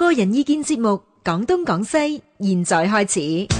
個人意見節目《講東講西》，現在開始。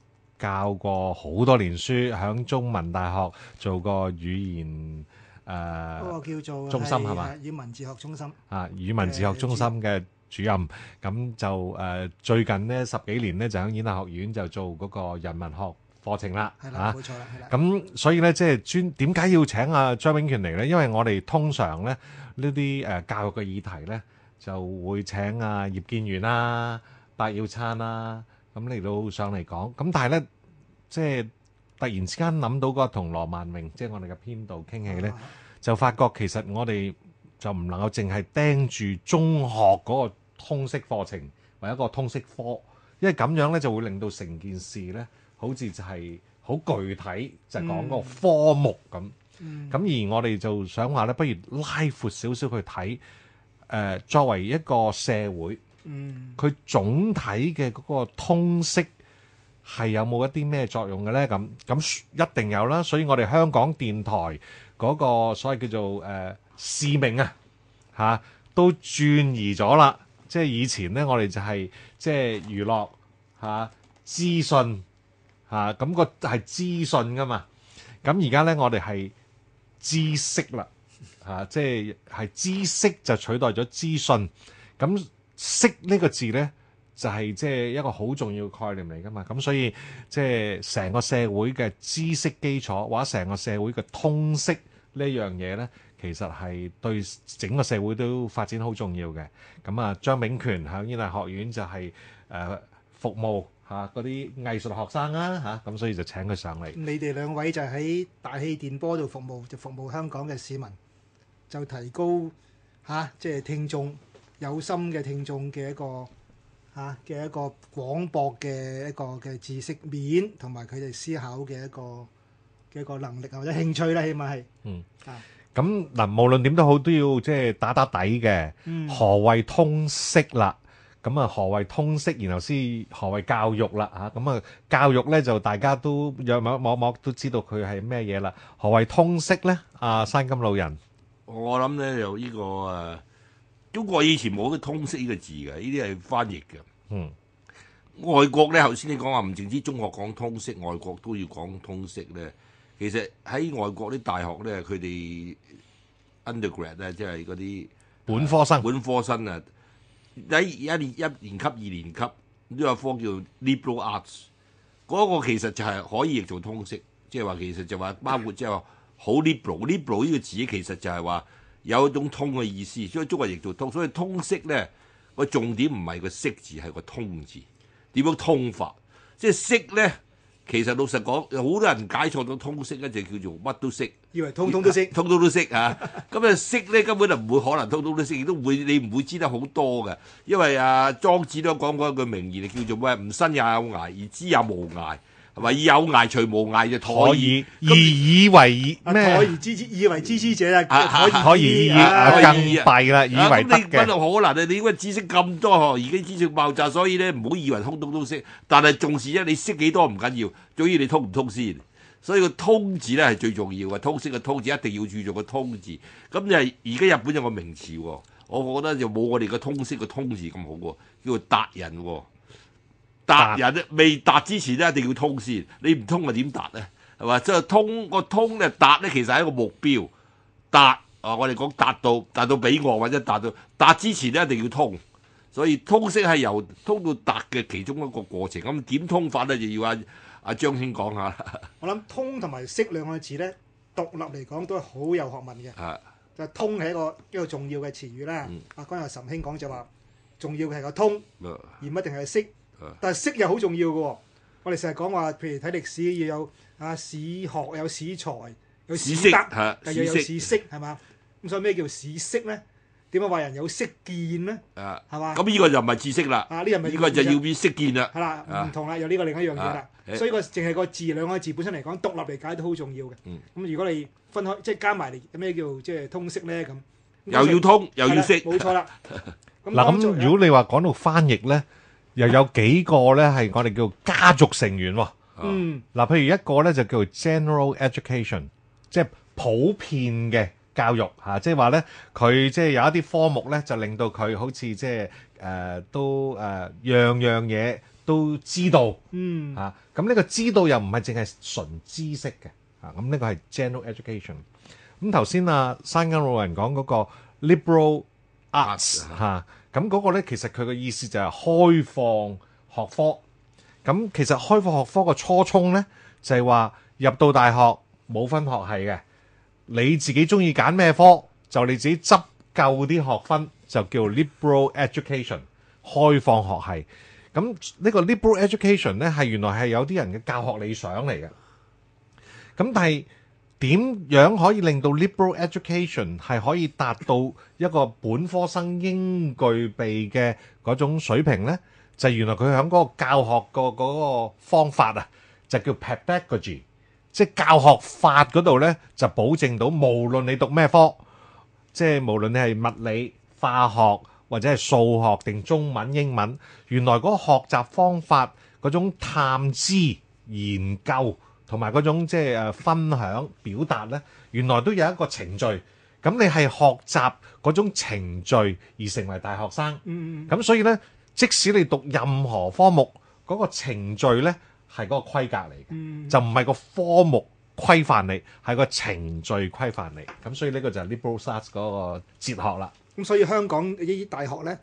教過好多年書，喺中文大學做過語言誒，嗰、呃、叫做中心係嘛？語文自學中心啊，語文自學中心嘅主任，咁就誒最近呢，十幾年呢，就喺演藝學院就做嗰個人文學課程啦，嚇冇的、啊、錯啦，係啦。咁、啊、所以咧即係專點解要請阿張秉權嚟咧？因為我哋通常咧呢啲誒教育嘅議題咧就會請阿、啊、葉建源啦、啊、白耀燦啦、啊。咁嚟到上嚟講，咁但係咧，即係突然之間諗到個同羅萬明，即係、就是、我哋嘅編導傾起咧，啊、就發覺其實我哋就唔能夠淨係盯住中學嗰個通識課程或一個通識科，因為咁樣咧就會令到成件事咧，好似就係好具體就講、是、個科目咁。咁、嗯、而我哋就想話咧，不如拉闊少少去睇，誒、呃、作為一個社會。嗯，佢總體嘅嗰個通識係有冇一啲咩作用嘅咧？咁咁一定有啦。所以我哋香港電台嗰個所謂叫做誒、呃、使命啊，嚇都轉移咗啦。即係以前咧，我哋就係、是、即係娛樂嚇、啊、資訊嚇，咁個係資訊㗎嘛。咁而家咧，我哋係知識啦嚇、啊，即係係知識就取代咗資訊咁。識呢個字呢，就係即係一個好重要概念嚟噶嘛。咁所以即係成個社會嘅知識基礎，或者成個社會嘅通識呢樣嘢呢，其實係對整個社會都發展好重要嘅。咁啊，張秉權喺演藝學院就係、是、誒、呃、服務嚇嗰啲藝術學生啊。嚇、啊，咁所以就請佢上嚟。你哋兩位就喺大氣電波度服務，就服務香港嘅市民，就提高嚇即係聽眾。有心嘅聽眾嘅一個嚇嘅一個廣博嘅一個嘅知識面，同埋佢哋思考嘅一個嘅一個能力啊，或者興趣啦，起碼係嗯啊咁嗱，無論點都好，都要即係打打底嘅。何謂通識啦？咁啊，何謂通識？然後先何謂教育啦？嚇咁啊，教育咧就大家都若某某某都知道佢係咩嘢啦。何謂通識咧？啊，山金老人，我諗咧有依個誒。中國以前冇啲通識呢個字嘅，呢啲係翻譯嘅。嗯，外國咧，頭先你講話唔淨止中學講通識，外國都要講通識咧。其實喺外國啲大學咧，佢哋 undergrad 咧、啊，即係嗰啲本科生，啊、本科生啊，喺一年一年級、二年級咁都有科叫 liberal arts，嗰個其實就係可以譯做通識，即係話其實就話包括即係話好 liberal，liberal 呢個字其實就係話。有一種通嘅意思，所以中國亦做通。所以通識咧，個重點唔係個識字，係個通字點樣通法。即係識咧，其實老實講，有好多人解錯咗通識，跟住就叫做乜都識，以為通通都識、啊，通通都識嚇。咁啊，識咧 根本就唔會可能通通都識，亦都會你唔會知得好多嘅。因為啊，莊子都有講過一句名言就叫做咩，吾生也有涯，而知也無涯。係咪以有涯隨無涯就可以，以以為以咩？以知之以為知之者啊！可可矣，更弊啦！以為，以為得嘅、啊啊。你真係好難啊！你因為知識咁多，而家知識爆炸，所以咧唔好以為通通都識。但係重視咧，你識幾多唔緊要，總之你通唔通先。所以個通字咧係最重要啊！通識嘅通字一定要注重個通字。咁就係而家日本有個名詞，我覺得就冇我哋嘅通識嘅通字咁好，叫做達人。達未達之前咧，一定要通先，你唔通啊，點達呢？係嘛？即係通個通咧達咧，其實係一個目標達啊！我哋講達到達到彼岸，或者達到達之前咧，一定要通，所以通識係由通到達嘅其中一個過程。咁點通法呢？就要阿、啊、阿、啊、張兄講下。我諗通同埋識兩個字呢，獨立嚟講都係好有學問嘅。啊的，就係通係一個一個重要嘅詞語啦。阿剛阿岑兄講就話重要嘅係個通，而唔一定係識。但係識又好重要嘅，我哋成日講話，譬如睇歷史要有啊史學，有史才，有史德，又又有史識，係嘛？咁所以咩叫史識咧？點解話人有識見咧？係嘛？咁呢個就唔係知識啦。啊，呢個咪？呢個就要識見啦。係啦，唔同啦，有呢個另一樣嘢啦。所以個淨係個字兩個字本身嚟講獨立嚟解都好重要嘅。咁如果你分開即係加埋，有咩叫即係通識咧？咁又要通又要識，冇錯啦。嗱，咁如果你話講到翻譯咧？又有幾個咧係我哋叫家族成員喎。嗯，嗱，譬如一個咧就叫做 general education，即係普遍嘅教育嚇，即係話咧佢即係有一啲科目咧就令到佢好似即係誒都誒、呃、樣樣嘢都知道。嗯，嚇、啊，咁呢個知道又唔係淨係純知識嘅嚇，咁呢個係 general education。咁頭先啊山陰老人講嗰個 liberal。啊！嚇，咁嗰個咧，其實佢嘅意思就係開放學科。咁、嗯、其實開放學科個初衷咧，就係、是、話入到大學冇分學系嘅，你自己中意揀咩科，就你自己執夠啲學分，就叫 liberal education 開放學系。咁、嗯這個、呢個 liberal education 咧，係原來係有啲人嘅教學理想嚟嘅。咁、嗯、但係點樣可以令到 liberal education 係可以達到一個本科生應具備嘅嗰種水平呢？就原來佢喺嗰個教學個嗰個方法啊，就叫 pedagogy，即係教學法嗰度呢，就保證到無論你讀咩科，即係無論你係物理、化學或者係數學定中文、英文，原來嗰個學習方法嗰種探知研究。同埋嗰種即係誒分享表達咧，原來都有一個程序。咁你係學習嗰種程序而成為大學生。咁、嗯嗯、所以咧，即使你讀任何科目，嗰、那個程序咧係嗰個規格嚟嘅，嗯、就唔係個科目規範嚟，係個程序規範嚟。咁所以呢個就係 liberal arts 嗰個哲學啦。咁所以香港一啲大學咧，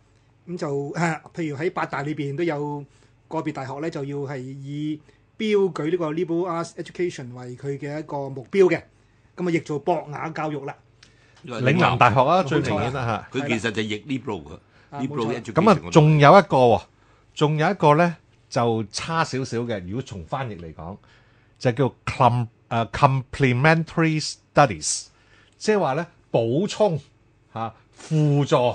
咁就譬如喺八大裏邊都有個別大學咧，就要係以。標舉呢個 liberal arts education 為佢嘅一個目標嘅，咁啊亦做博雅教育啦。嶺南大學啊，最明顯啦吓，佢其實就係譯 liberal，liberal 咁啊，仲有一個，仲有一個咧就差少少嘅。如果從翻譯嚟講，就叫做 com 誒 complementary studies，即係話咧補充吓、輔助，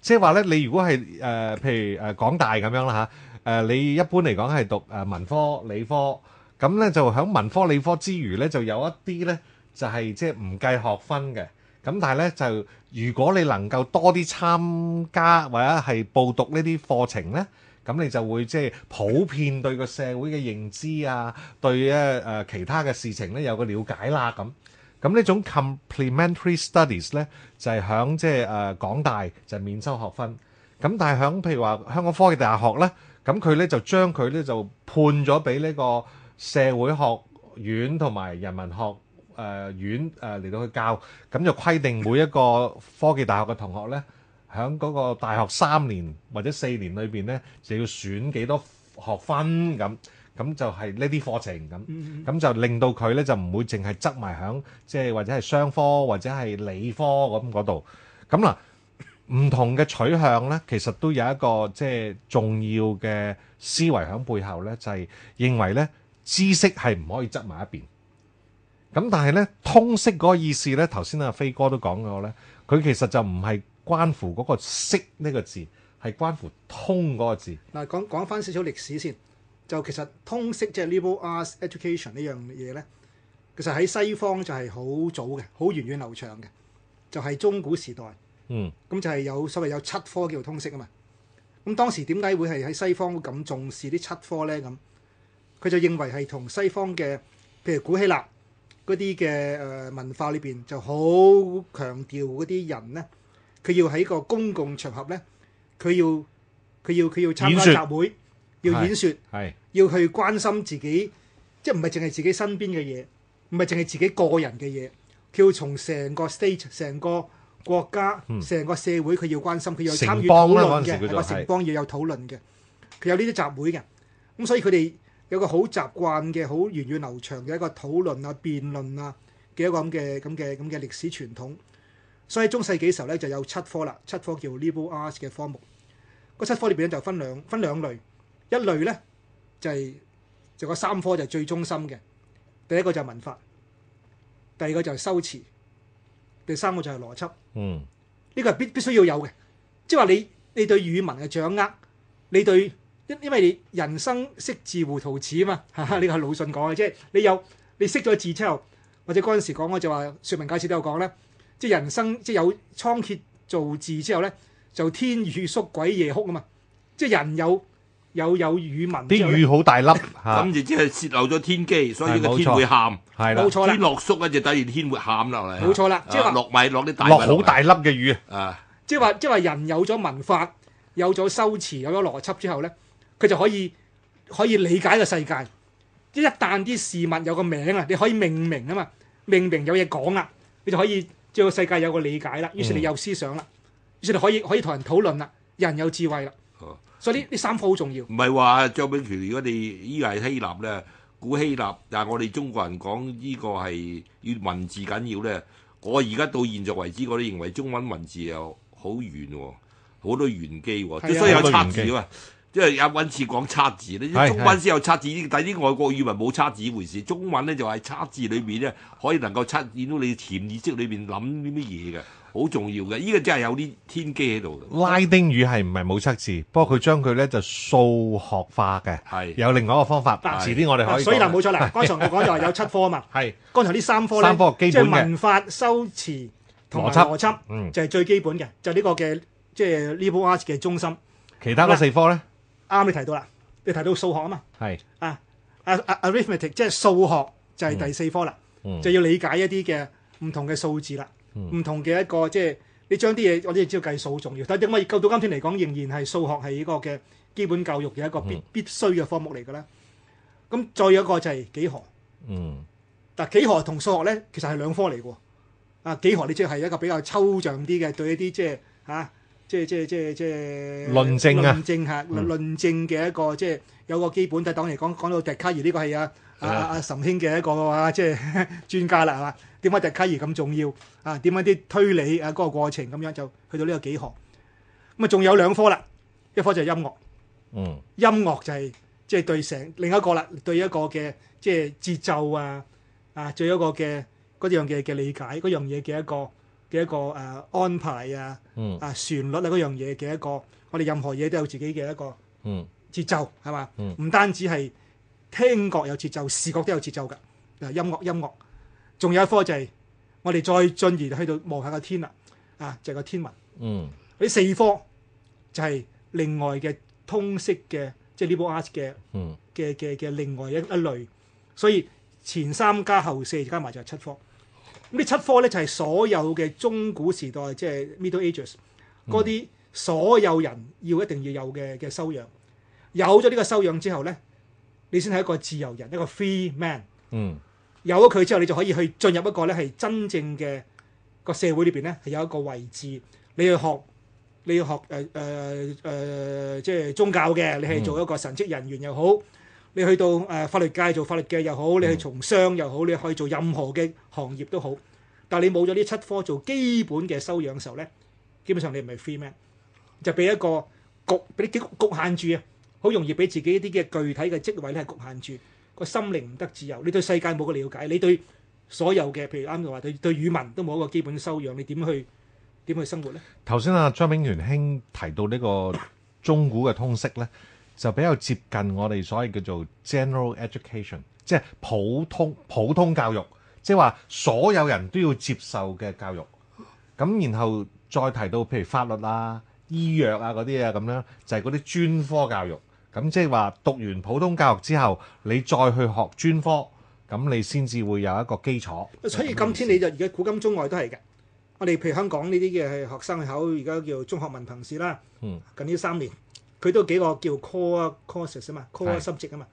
即係話咧你如果係誒，譬如誒港大咁樣啦吓。誒，你一般嚟講係讀誒文科、理科，咁咧就喺文科、理科之餘咧，就有一啲咧就係即係唔計學分嘅。咁但係咧就，如果你能夠多啲參加或者係報讀呢啲課程咧，咁你就會即係普遍對個社會嘅認知啊，對誒、啊、誒、呃、其他嘅事情咧有個了解啦。咁咁呢種 complementary studies 咧，就係響即係誒港大就免收學分。咁但係響譬如話香港科技大學咧。咁佢咧就將佢咧就判咗俾呢個社會學院同埋人民學誒院誒嚟、呃呃、到去教，咁就規定每一個科技大學嘅同學咧，喺嗰個大學三年或者四年裏邊咧，就要選幾多學分咁，咁就係呢啲課程咁，咁、嗯嗯、就令到佢咧就唔會淨係執埋響即係或者係商科或者係理科咁嗰度，咁啦。唔同嘅取向咧，其實都有一個即係重要嘅思維喺背後咧，就係認為咧，知識係唔可以執埋一邊。咁但係咧通識嗰個意思咧，頭先阿飛哥都講過咧，佢其實就唔係關乎嗰個識呢個字，係關乎通嗰個字。嗱，講講翻少少歷史先，就其實通識即係 liberal arts education 呢樣嘢咧，其實喺西方就係好早嘅，好源遠流長嘅，就係中古時代。嗯，咁就係有所謂有七科叫通識啊嘛。咁當時點解會係喺西方咁重視啲七科咧？咁佢就認為係同西方嘅，譬如古希臘嗰啲嘅誒文化裏邊就好強調嗰啲人咧，佢要喺個公共場合咧，佢要佢要佢要參加集會，演說，要演說，係要去關心自己，即係唔係淨係自己身邊嘅嘢，唔係淨係自己個人嘅嘢，佢要從成個 state 成個，國家成個社會佢要關心，佢有參與討論嘅，個城邦要有討論嘅，佢有呢啲集會嘅，咁所以佢哋有個好習慣嘅、好源遠流長嘅一個討論啊、辯論啊嘅一個咁嘅、咁嘅、咁嘅歷史傳統。所以中世紀嘅時候咧，就有七科啦，七科叫 liberal arts 嘅科目。個七科裏邊咧就分兩分兩類，一類咧就係就個三科就係最中心嘅，第一個就係文法，第二個就係修辭，第三個就係邏輯。嗯，呢個係必必須要有嘅，即係話你你對語文嘅掌握，你對因因為你人生識字糊塗始啊嘛，哈哈，呢、這個係魯迅講嘅，即係你有你識咗字之後，或者嗰陣時講我就話説明解釋都有講咧，即係人生即係有倉頡造字之後咧，就天雨粟鬼夜哭啊嘛，即係人有。有有語文，啲雨好大粒，咁、啊、 就即係泄漏咗天機，所以個天會喊，係啦錯，冇錯天落粟咧就等住天會喊、啊、落嚟，冇錯啦，即係落米落啲大粒好大粒嘅雨啊！即係話即係話人有咗文化，有咗修辭，有咗邏輯之後咧，佢就可以可以理解個世界。一旦啲事物有個名啊，你可以命名啊嘛，命名有嘢講啦，你就可以將個世界有個理解啦。於是你有思想啦，於是、嗯、你可以可以同人討論啦，人有智慧啦。所以呢呢三科好重要。唔係話張炳權，如果你依個係希臘咧，古希臘，但係我哋中國人講呢個係要文字緊要咧。我而家到現在為止，我都認為中文文字又好玄、哦，好多玄機、哦，所以有測字啊。因為阿文先講測字咧，中文先有測字，但係啲外國語文冇測字一回事。中文咧就係測字裏面咧，可以能夠測見到你潛意識裏面諗啲乜嘢嘅，好重要嘅。呢個真係有啲天機喺度。拉丁語係唔係冇測字？不過佢將佢咧就數學化嘅，是有另外一個方法。是遲啲我哋可以。所以嗱冇錯啦，剛才我講就話有七科啊嘛。係 是剛才呢三科咧，三科基本即係文法、修辭同邏輯，嗯，就係最基本嘅，就呢、是、個嘅即係 liberal arts 嘅中心。其他嘅四科咧？啱你提到啦，你提到數學是啊嘛，係啊啊 arithmetic 即係數學就係、是、第四科啦，嗯、就要理解一啲嘅唔同嘅數字啦，唔、嗯、同嘅一個即係你將啲嘢，我哋知道計數好重要，但係點解？而到到今天嚟講，仍然係數學係呢個嘅基本教育嘅一個必、嗯、必須嘅科目嚟嘅啦。咁再有一個就係幾何，嗯，嗱幾何同數學咧其實係兩科嚟㗎喎，啊幾何你即係一個比較抽象啲嘅對一啲即係嚇。啊。即係即係即係即係論證啊！論證嚇，論論證嘅一個、嗯、即係有一個基本。喺當嚟講講到笛卡爾呢個係阿阿阿岑軒嘅一個啊即係專家啦嚇。點解笛卡爾咁重要啊？點解啲推理啊嗰個過程咁樣就去到呢個幾何？咁啊仲有兩科啦，一科就係音樂。嗯，音樂就係即係對成另一個啦，對一個嘅即係節奏啊啊，對一個嘅嗰樣嘅嘅理解，嗰樣嘢嘅一個。嘅一個誒、啊、安排啊，嗯、啊旋律啊嗰樣嘢嘅一個，我哋任何嘢都有自己嘅一個節奏，係嘛？唔單止係聽覺有節奏，視覺都有節奏㗎。誒音樂音樂，仲有一科就係我哋再進而去到望下個天啦，啊就係、是、個天文。嗯，呢四科就係另外嘅通識嘅，即係 liberal arts 嘅，嘅嘅嘅另外一類。所以前三加後四加埋就係七科。咁呢七科咧就係所有嘅中古時代即係 Middle Ages 嗰啲所有人要一定要有嘅嘅修養，有咗呢個修養之後咧，你先係一個自由人，一個 free man。嗯，有咗佢之後，你就可以去進入一個咧係真正嘅個社會裏邊咧係有一個位置。你要學，你要學誒誒誒，即係宗教嘅，你係做一個神職人員又好。你去到誒法律界做法律嘅又好，你去從商又好，你可以做任何嘅行業都好。但係你冇咗呢七科做基本嘅修養嘅時候咧，基本上你唔係 free man，就俾一個局，俾啲極侷限住啊，好容易俾自己一啲嘅具體嘅職位咧係侷限住，個心靈唔得自由。你對世界冇個瞭解，你對所有嘅譬如啱啱話對對語文都冇一個基本嘅修養，你點去點去生活咧？頭先阿張秉權兄提到呢個中古嘅通識咧。就比較接近我哋所謂叫做 general education，即係普通普通教育，即係話所有人都要接受嘅教育。咁然後再提到譬如法律啊、醫藥啊嗰啲啊咁樣，就係嗰啲專科教育。咁即係話讀完普通教育之後，你再去學專科，咁你先至會有一個基礎。所以今天你就而家古今中外都係嘅。我哋譬如香港呢啲嘅係學生考而家叫中學文憑試啦，近呢三年。佢都有幾個叫 core courses 啊嘛，core 心積啊嘛，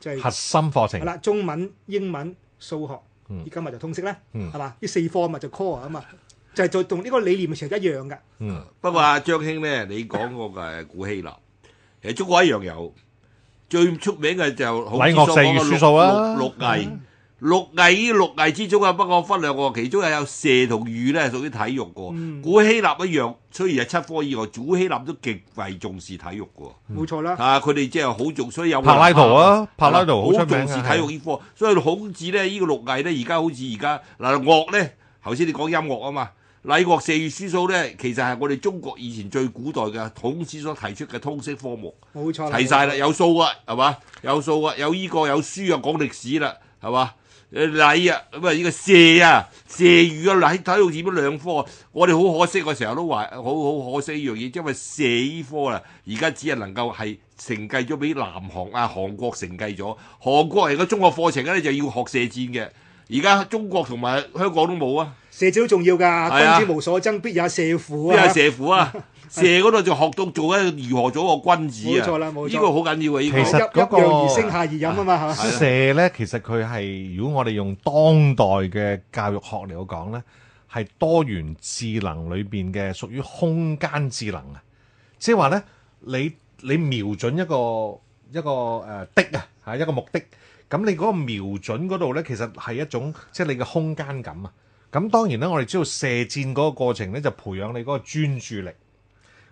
即係核心課程。係啦，中文、英文、數學，而今日就通識咧，係嘛？啲四科啊嘛就 core 啊嘛，就係就同呢個理念其實一樣嘅。不過張兄咧，你講個係古希臘，其實中國一樣有，最出名嘅就好似所講嘅六藝。六藝呢，六藝之中啊，不過分兩個，其中又有射同御咧，屬於體育個。嗯、古希臘一樣，雖然係七科以外，古希臘都極為重視體育個。冇錯啦，啊，佢哋即係好重，所以有柏拉圖啊，柏拉圖好、嗯、重視體育呢科。啊、所以孔子咧，呢個、呢個六藝咧，而家好似而家嗱樂咧，頭先你講音樂啊嘛。禮樂射御書數咧，其實係我哋中國以前最古代嘅孔子所提出嘅通識科目。冇錯，齊晒啦，有數啊，係嘛，有數啊，有依、啊呢個有書啊，講歷史啦，係嘛。誒禮啊，咁啊依個射啊，射御啊，嗱喺體育佔咗兩科，我哋好可惜我成日都話好好可惜呢樣嘢，因為射科啊，而家只係能夠係承繼咗俾南韓啊，韓國承繼咗，韓國係個中學課程咧就要學射箭嘅，而家中國同埋香港都冇啊，射箭好重要㗎，君子無所爭，必也射乎啊，必也射乎啊。啊啊射嗰度就學到做一如何做一個君子啊！冇錯啦，冇錯。呢個好緊要啊！其實嗰、那個一而升下熱飲啊嘛嚇。射咧、哎吧，其實佢係如果我哋用當代嘅教育學嚟講咧，係多元智能裏邊嘅屬於空間智能啊！即係話咧，你你瞄準一個一個誒、呃、的啊嚇一個目的，咁你嗰個瞄準嗰度咧，其實係一種即係、就是、你嘅空間感啊！咁當然咧，我哋知道射箭嗰個過程咧，就培養你嗰個專注力。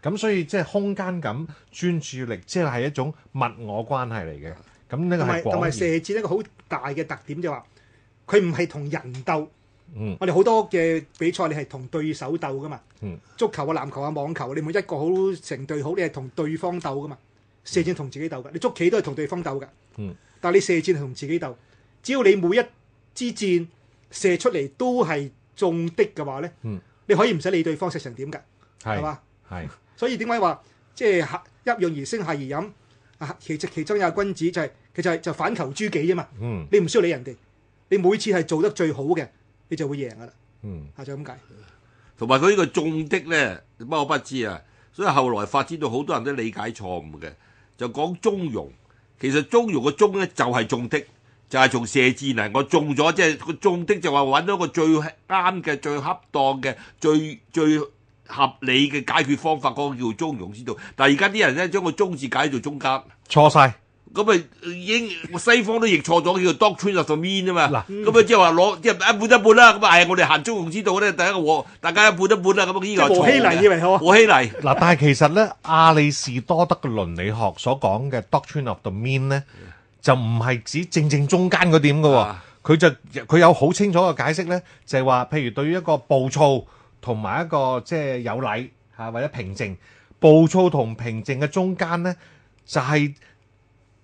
咁所以即係空間感、專注力，即係係一種物我關係嚟嘅。咁呢個係廣闊。同埋射箭一個好大嘅特點就係話，佢唔係同人鬥。嗯，我哋好多嘅比賽你係同對手鬥噶嘛。嗯，足球啊、籃球啊、網球你每一個好成隊好，你係同對方鬥噶嘛。射箭同自己鬥㗎，你捉棋都係同對方鬥㗎。嗯，但係你射箭同自己鬥，只要你每一支箭射出嚟都係中的嘅話咧，嗯，你可以唔使理對方射成點㗎，係嘛吧？係。 所以點解話即係揖讓而升，下而飲啊？其其其中有君子就係、是、佢就就反求諸己啫嘛。嗯、你唔需要理人哋，你每次係做得最好嘅，你就會贏噶啦。啊、嗯、就咁解，同埋佢呢個中的咧，不我不知啊。所以後來發展到好多人都理解錯誤嘅，就講中庸。其實中庸嘅中咧就係中的，就係從射箭嚟我中咗，即係個中的就話揾到個最啱嘅、最恰當嘅、最最，合理嘅解決方法嗰個叫做中庸之道，但係而家啲人咧將個中字解做中間，錯晒了。咁啊，已經西方都譯錯咗，叫 Doctrine of the Mean 啊嘛、嗯。嗱，咁啊即係話攞即係一半一半啦。咁啊，係我哋行中庸之道咧，第一個大家一半一半啦、啊。咁啊依然錯嘅。無好。無欺嗱，但係其實咧，阿里士多德嘅倫理學所講嘅 Doctrine of the Mean 咧，就唔係指正正中間嗰點嘅喎。佢、啊、就佢有好清楚嘅解釋咧，就係、是、話，譬如對於一個暴躁。同埋一個即係有禮嚇，或者平靜、暴躁同平靜嘅中間呢，就係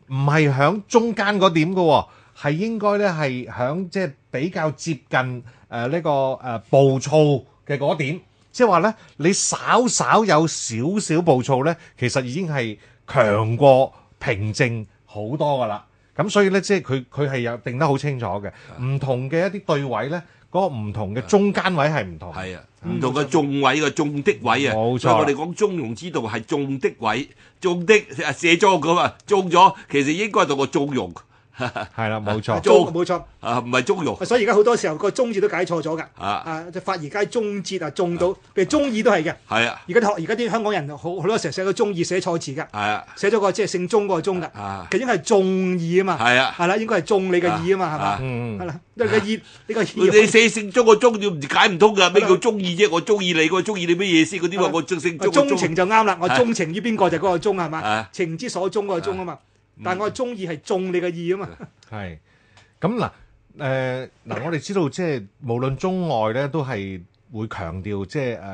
唔係喺中間嗰點嘅，係應該咧係喺即係比較接近誒呢個誒暴躁嘅嗰點。即係話呢，你稍稍有少少暴躁呢，其實已經係強過平靜好多㗎啦。咁所以呢，即係佢佢係有定得好清楚嘅，唔同嘅一啲對位呢。嗰個唔同嘅中間位係唔同，係啊，唔、嗯、同嘅中位個中的位啊，冇錯，我哋講中庸之道係中的位，中的啊卸咗，咁啊，中咗其實應該係到個中庸。係啦，冇錯，冇錯，啊唔係中庸。所以而家好多時候個中字都解錯咗噶。啊啊，即係法然街中字啊，中到譬如中意都係嘅。係啊，而家學而家啲香港人，好好多時候寫到中意寫錯字噶。係啊，寫咗個即係姓鍾嗰個鍾噶。啊，佢應該係中意啊嘛。係啊，係啦，應該係中你嘅意啊嘛，係嘛。嗯嗯。係啦，呢個意呢個。你寫姓鍾個鍾，你解唔通噶，咩叫中意啫？我中意你，我中意你咩嘢意思？嗰啲話我中姓鍾。我鍾情就啱啦，我鍾情於邊個就嗰個鍾係嘛？情之所鍾嗰個鍾啊嘛。但係我係中意係中你嘅意啊嘛，係咁嗱，誒嗱，呃呃呃、 我哋知道即係無論中外咧，都係會強調即係誒。呃